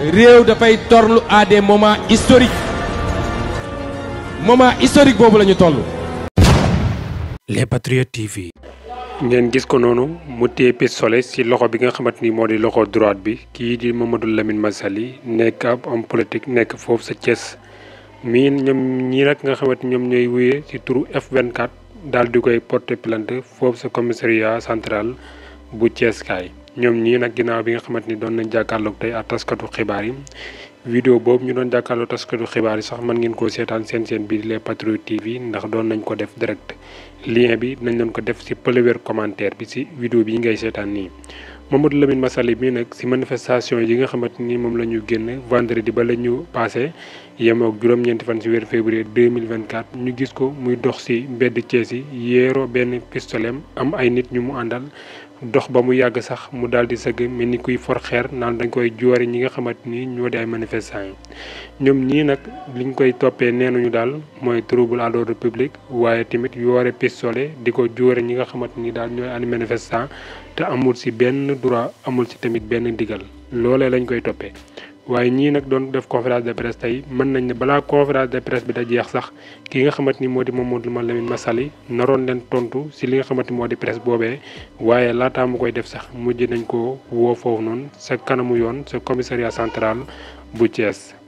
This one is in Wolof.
réew dafay torlu à des moments moment historique boobu lañu ñu toll. Les Patriotes TV. ngeen gis ko noonu mu téye pistolet ci loxo bi nga xamante ni moo di loxo droite bi kii di Mamadou Lamine Massaly nekk ab homme politique nekk foofu sa cees mii ñoom ñii nag nga xamante ni ñoom ñooy wuyee ci turu F24 daal di koy porter plainte foofu sa commissariat central bu Thiès ñoom ñii nag ginnaaw bi nga xamante ni doon nañ jàkkaarloog tey ak taskatu xibaar yi vidéo boobu ñu doon jàkkaarloog taskatu xibaar yi sax mën ngeen koo seetaan seen seen bi les Patriotes TV ndax doon nañ ko def direct lien bi nañ leen ko def ci pëlëwér commentaire bi ci vidéo bi yi ngay seetaan nii Mamadou Lamine Massaly bi nag si manifestation yi nga xamante ni moom la ñu génn vendredi ba la ñu passé yemoo ak juróom-ñeenti fan si weeru février 2024 ñu gis ko muy dox si mbedd Thiès yi yeeroo benn pistolem am ay nit ñu mu àndal dox ba mu yàgg sax mu daal di sëgg mel ni kuy for xeer naan dañ koy joori ñi nga xamante ni ñoo di ay manifestants yi ñoom ñii nag liñ koy toppee nee ñu daal mooy trouble à l'ordre public waaye tamit yoore pistolet di ko joori ñi nga xamante ni daal ñooy ay manifestants te amul si benn droit amul ci tamit benn digal loole lañ koy toppee waaye ñii nag doon def conférence de presse tey mën nañ ne balaa conférence de presse bi da jeex sax ki nga xamante ni moo di lu Mamadou ma sali naroon leen tontu si li nga xamante ni moo di presse boobee waaye laataa mu koy def sax mujj nañ ko woo foofu noonu sa kanamu yoon sa commissariat central bu Thiès.